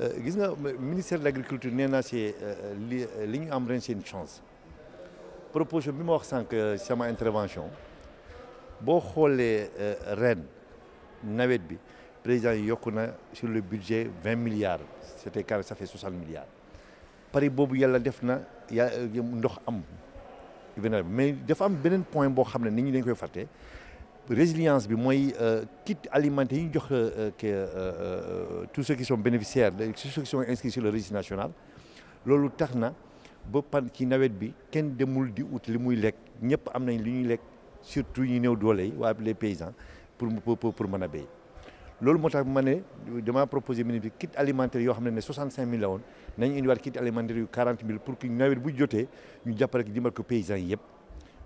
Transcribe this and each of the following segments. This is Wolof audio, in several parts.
Euh, gis nga ministère de l' agriculture nee naa si euh, li euh, li ñu am ren seen chance proposition bi ma wax sànq sama intervention boo xoolee ren nawet bi président yi yokku na sur le budget vingt milliards c' était carré ça fait soixante milliards boobu yàlla def na ya ndox am mais dafa am beneen point boo xam ne nit ñi dañ koy fàtte résilience bi mooy euh, kit alimentaire yi ñu jox euh, euh, tout ceux qui sont bénéficiaires tous ceux qui sont inscrits sur le registre national loolu tax na ba pan ci nawet bi kenn demul di ut li muy lekk ñëpp am nañ lu ñuy lekk surtout ñu new doole yi waa les paysans pour pour pour mën a béy loolu moo tax ma ne dama proposé ministre bi kit alimentaire yoo xam ne ne 65000 la woon nañu indiwaat kit alimentaire yu 40000 pour que nawet bu jotee ñu jàpp rek dimbal ko paysans yëpp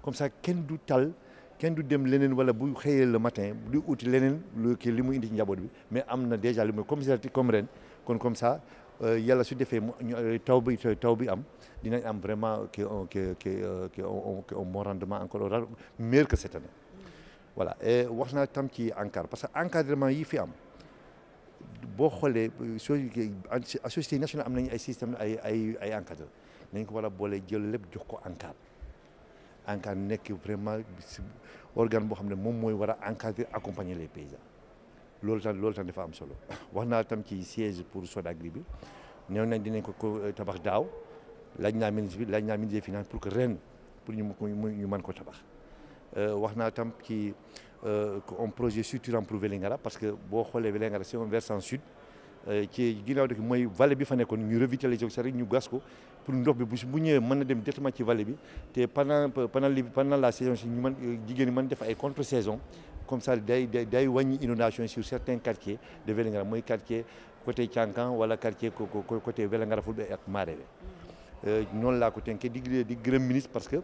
comme ça kenn du tal. kenn du dem leneen wala bu xëyee le matin du uti leneen lu kii li mu indi njaboot bi mais am na déjà li muy comme comme ren kon comme ça euh, yàlla su defee euh, taw bi euh, taw bi am dinañ am vraiment que que que un bon rendement encore meilleur que cette année. voilà et wax naa tam ci encadre parce que encadrement yi fi am boo xoolee soo société nationale am nañu ay système ay ay ay nañ ko war a boole jël lépp jox ko encadre. ANCAR nekk vraiment si organe boo xam ne moom mooy war a encadrer accompagner les paysans loolu tam loolu tam dafa am solo wax naa tam ci siège pour SODAGRI bi néew nañ dinañ ko ko euh, tabax daaw laaj naa ministre bi laaj naa ministre des pour que ren pour ñu ñu mën ko tabax euh, wax naa tam ci euh, un projet structurant pour Vélingara parce que boo xoolee Vélingara c'est un versant sud Euh, ci ginnaaw dëkk mooy vallée bi fa nekkoon ñu revitaliser ko cest ñu gas ko pour ndox bi bu bu ñëwee mën na dem directement ci vallée bi te pendant pendant li pendant la saison si ñu man jigéen ñi mën def ay contre saison comme ça day day day wàññi inondation sur certains quartiers de Vélingara mooy quartier côté Thiankan wala quartier côté Vélingara Fulbe ak Marebe euh, noonu laa ko tënkee di di gërëm ministre parce que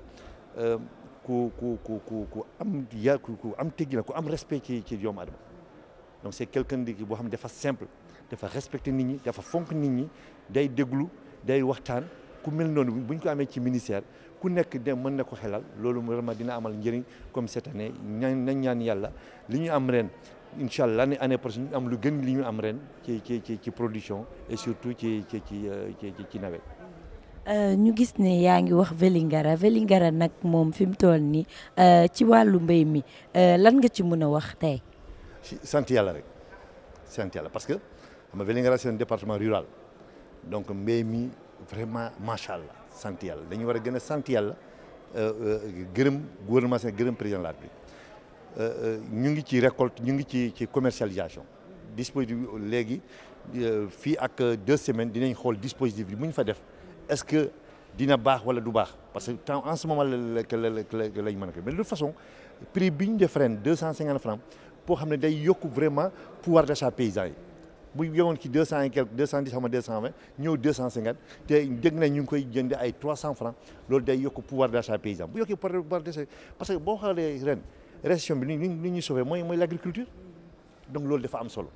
euh, ku ku ku ku ku am ya ku am teggi na ku am respect ci ci doomu aadama donc c'est quelqu'un di boo xam dafa simple dafa respecté nit ñi dafa fonk nit ñi day déglu day waxtaan ku mel noonu bu ñu ko amee ci ministère ku nekk dem mën na ko xelal loolu vraiment dina amal njëriñ comme cette année ñaan nañ ñaan yàlla li ñu am ren incha allah ne année prochaine ñu am lu gën li ñu am ren ci ci ci ci production et surtout ci ci ci ci ci nawet. Euh, ñu gis ne yaa ngi wax Vélingara Vélingara nag moom fi mu toll nii euh, ci wàllu mbay mi euh, lan nga ci mën a wax tey. sant yàlla rek sant yàlla parce que. xam nga Vélingara c'est un département rural donc mbéy mi vraiment macha allah sant yàlla dañu war a gën a sant yàlla euh, euh, gërëm gouvernement seen gërëm président de la euh, ñu ngi ci récolte ñu ngi ci ci commercialisation dispositif léegi fii ak deux semaines dinañ xool dispositif bi mu ñu fa def est-ce que dina baax wala du baax parce que temps en ce moment la la lañ mën a ko mais de toute façon prix bi ñu def ren deux cent cinquante francs pour xam ne day yokk vraiment pouvoir d'achat paysan yi. bu yemoon ci deux cent et quelque deux cent dix ngi koy jënd ay trois cent loolu day yokk pouvoir d'achat paysan bu yokkee pouvoir d'achat parce que boo xoolee ren région bi ni ni ñuy sauver mooy mooy l'agriculture loolu dafa am solo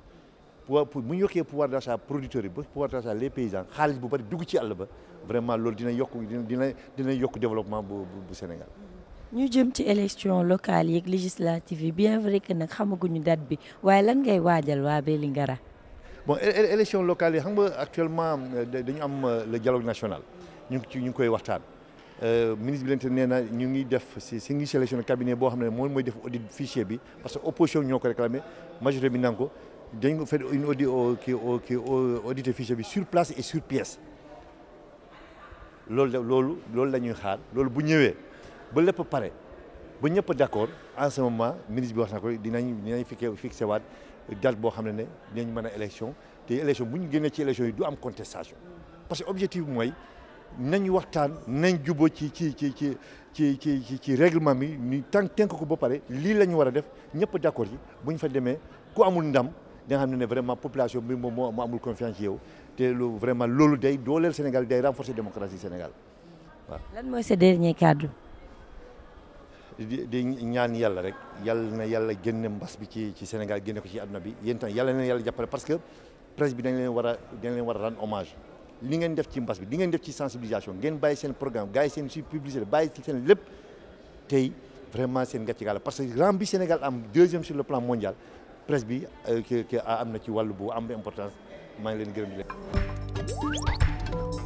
pour pour bu ñu yokkee pouvoir d'achat producteurs yi ba pouvoir d'achat les paysans xaalis bu bari dugg ci àll ba vraiment loolu dina yokk dina dina yokk développement bu bu Sénégal. ñu jëm ci élection locale yeeg législative yi bien vrai que nag xamaguñu date bi waaye lan ngay waajal waa Vélingara. bon élection locale yi xam nga actuellement euh, dañu am euh, le dialogue national ñu ngi ci ñu ngi koy waxtaan euh, ministre bi lente nee na ñu ngi def si si ngi sélectionné cabinet boo xam ne moom mooy def audit fichier bi parce que opposition ñoo ko réclamé majorité bi nangu ko dañ ko fait une audit kii kii audité fichier bi sur place et sur pièce loolu loolu loolu la ñuy xaar loolu bu ñëwee ba lépp pare ba ñëpp d'accord en ce moment ministre bi wax na ko dinañ dinañ waat date boo xam ne ne dinañ mën a élection te élection bu ñu génnee ci élection yi du am contestation parce que objectif mooy nañ waxtaan nañ jubóo ci ci ci ci ci ci ci règlement bi ñu tànk tënk ko ba pare lii la ñu war a def ñëpp d' yi bu ñu fa demee ku amul ndam da xam ne ne vraiment population bi moom moo amul confiance ci yow te lu vraiment loolu day dooleel Sénégal day renforcer démocratie Sénégal waaw. lan mooy sa dernier cadre. di ñaan yàlla rek yàlla na yàlla génne mbas bi ci ci Sénégal génne ko ci àdduna bi yéen tam yàlla na yàlla jàppale parce que presse bi dañ leen war a dañ war a rendre hommage li ngeen def ci mbas bi li ngeen def ci sensibilisation ngeen bàyyi seen programme bàyyi seen su publicité bàyyi seen lépp tey vraiment seen ci gaal parce que rang bi Sénégal am deuxième sur le plan mondial presse bi euh, que am na ci wàll bu am importance maa ngi leen gërëm di leen